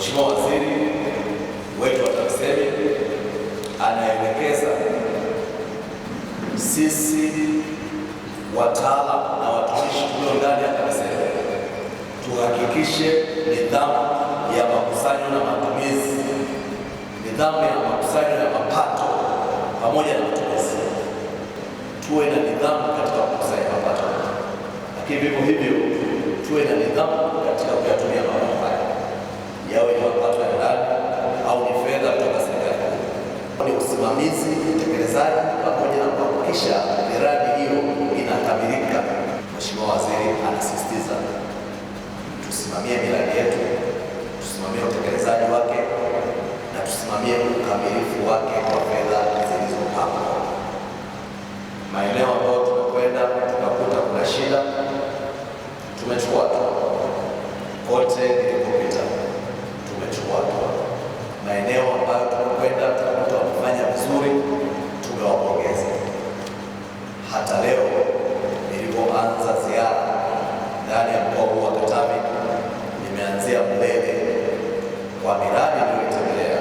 Mheshimiwa Waziri wetu wa TAMISEMI anaelekeza sisi wataalamu na watumishi tulio ndani ya TAMISEMI tuhakikishe nidhamu ya makusanyo na matumizi, nidhamu ya makusanyo na mapato pamoja na matumizi. Tuwe na nidhamu katika kukusanya mapato, lakini vivyo hivyo tuwe na nidhamu katika kuyatumia mapato yawe ni mapato ya ndani au ni fedha kutoka serikali. Ni usimamizi, utekelezaji pamoja na kuhakikisha miradi hiyo inakamilika. Mheshimiwa Waziri anasisitiza tusimamie miradi yetu, tusimamie utekelezaji wake na tusimamie ukamilifu wake. kuelezea mbele kwa miradi niliyoitembelea,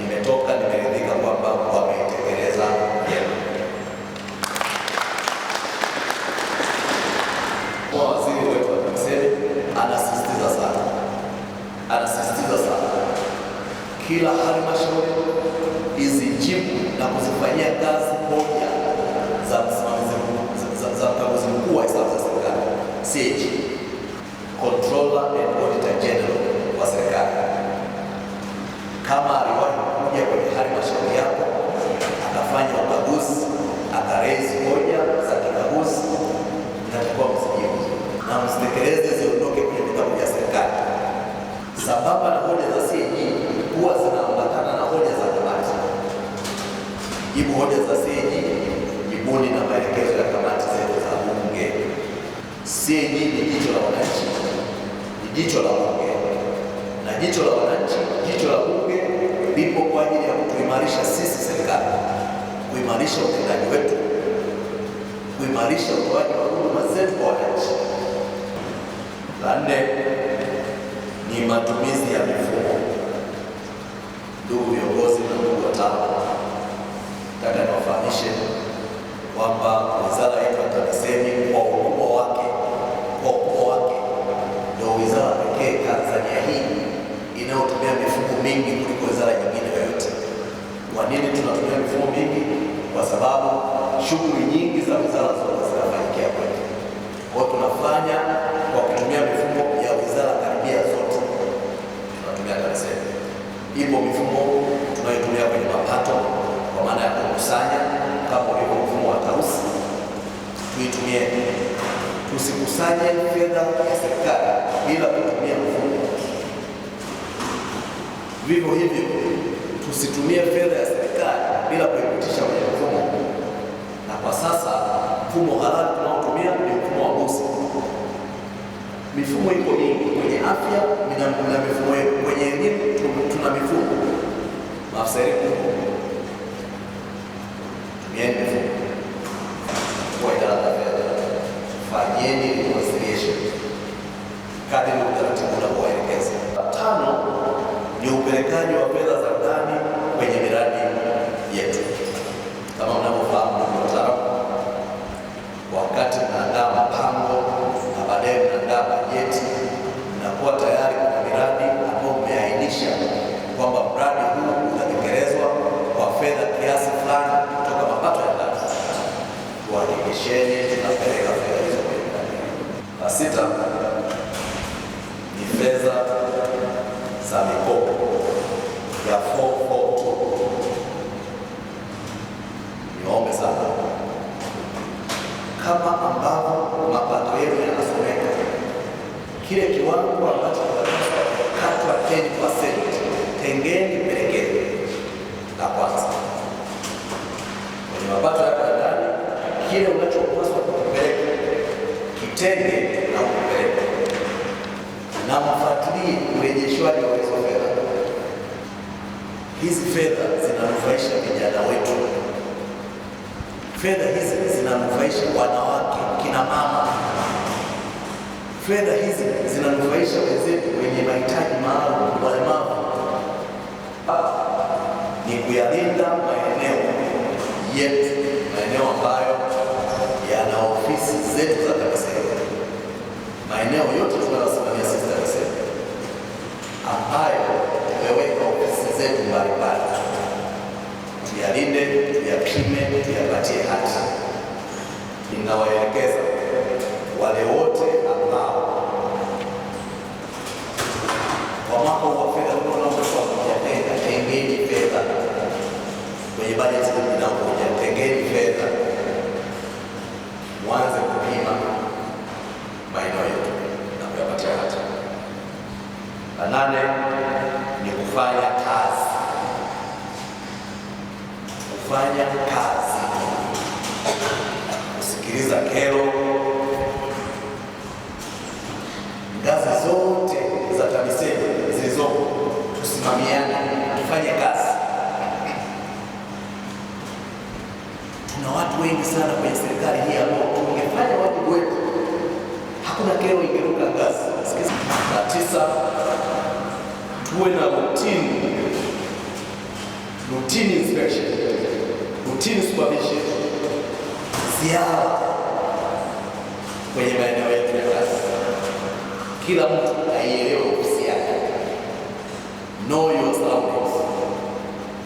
nimetoka nimeridhika kwamba wameitekeleza vyema. Kwa waziri wetu Amseli anasisitiza sana, anasisitiza sana kila halmashauri izijibu na kuzifanyia kazi moja za msimamizi za mkaguzi mkuu wa hesabu za serikali CAG uchaguzi akarezi hoja za kikaguzi natakiwa msijibu na msitekeleze ziondoke kwenye vitabu vya serikali, sambamba na hoja za CAG huwa zinaambatana na hoja za kamati. Jibu hoja za CAG, jibuni na maelekezo ya kamati zetu za Bunge. CAG ni jicho la wananchi, ni jicho la Bunge na jicho la wananchi, jicho la Bunge lipo kwa ajili ya kutuimarisha sisi serikali kuimarisha utendaji wetu, kuimarisha utoaji wa huduma zetu kwa wananchi. La nne ni matumizi ya mifumo. Ndugu viongozi na ndugu wataalamu, nataka niwafahamishe kwamba wizara yetu ya TAMISEMI kwa nyingi za wizara zote zinafanikia kwetu. Kwa tunafanya kwa kutumia mifumo ya wizara karibia zote tunatumia TAMISEMI. Ipo mifumo tunayotumia kwenye mapato kwa maana ya kukusanya, kama ulivyo mfumo wa tausi, tuitumie tusikusanye fedha ya serikali bila kutumia mfumo. Vivyo hivyo tusitumie fedha ya serikali bila kuipitisha kwenye mfumo na kwa sasa mfumo halali tunaotumia ni mfumo wa busi. Mifumo iko mingi kwenye afya na mifumo kwenye elimu, tuna mifumo maafisa elimu, tumieni mifumo kwa idara za fedha, fanyeni reconciliation utaratibu Tano ni upelekaji wa fedha za ndani kwenye miradi yetu kama Waarabu, wakati mnaandaa mapango na baadaye mnaandaa bajeti, mnakuwa tayari kuna miradi ambayo mmeainisha kwamba mradi huu utatekelezwa kwa fedha kiasi fulani kutoka mapato ya ndani, kuhakikisheni tunapeleka fedha hizo La sita ni fedha za mikopo ya 4 kiwango ambacho kinapaswa kukatwa 10%, tengeni kipelekeni la kwanza kwenye mapato ya ndani, kile unachopaswa kukipeleka kitenge na ukipeleka, na mfuatilie urejeshwaji wa hizo fedha. Hizi fedha zinanufaisha vijana wetu, fedha hizi zinanufaisha wanawake, kina mama Fedha hizi zinanufaisha wenzetu wenye mahitaji maalum, walemavu. Ah, ni kuyalinda maeneo yetu, maeneo ambayo yana ofisi zetu za TAMISEMI, maeneo yote tunayosimamia sisi TAMISEMI, ambayo tumeweka ofisi zetu mbalimbali, tuyalinde, tuyapime, tuyapatie hati. Ninawaelekeza wale wote wao kwa mwaka fedha kunaoaujatenda tengeni fedha kwenye bajeti kumi na fedha mwanze kupima maeneo yetu na kuyapatia ni kufanya kufanya kazi, kusikiliza kero ngazi zote za TAMISEMI zilizopo, tusimamiane, tufanye kazi. Tuna watu wengi sana kwenye serikali hii ambao tungefanya wajibu wetu, hakuna kero ingeruka ngazi. Sikiza na tisa, tuwe na rutini routine inspection, routine supervision, ziara kwenye maeneo yetu kila mtu aielewe ofisi yake noyo